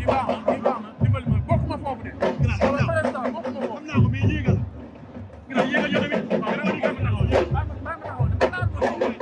di baax na di baax na dimbali ma bokkuma foofu de. gannaaw gannaaw bokkuma foofu. xam naa ko mais yéegal. gannaaw yéegal yow tamit. waaw gannaaw li ne taxaw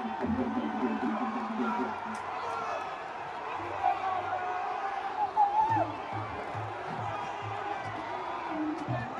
Thank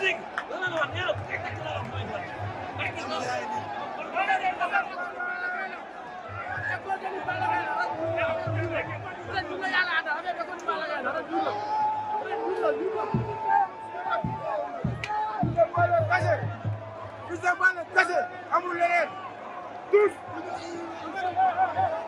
dégg la la wax nee na bu fekk la wax mooy fàcc fekk na wala day dafa ko dani bala ngay wax te du la yàlla ada amé ko bala ngay dara du la du la du la kase Fils de Balla kase amul leneen tous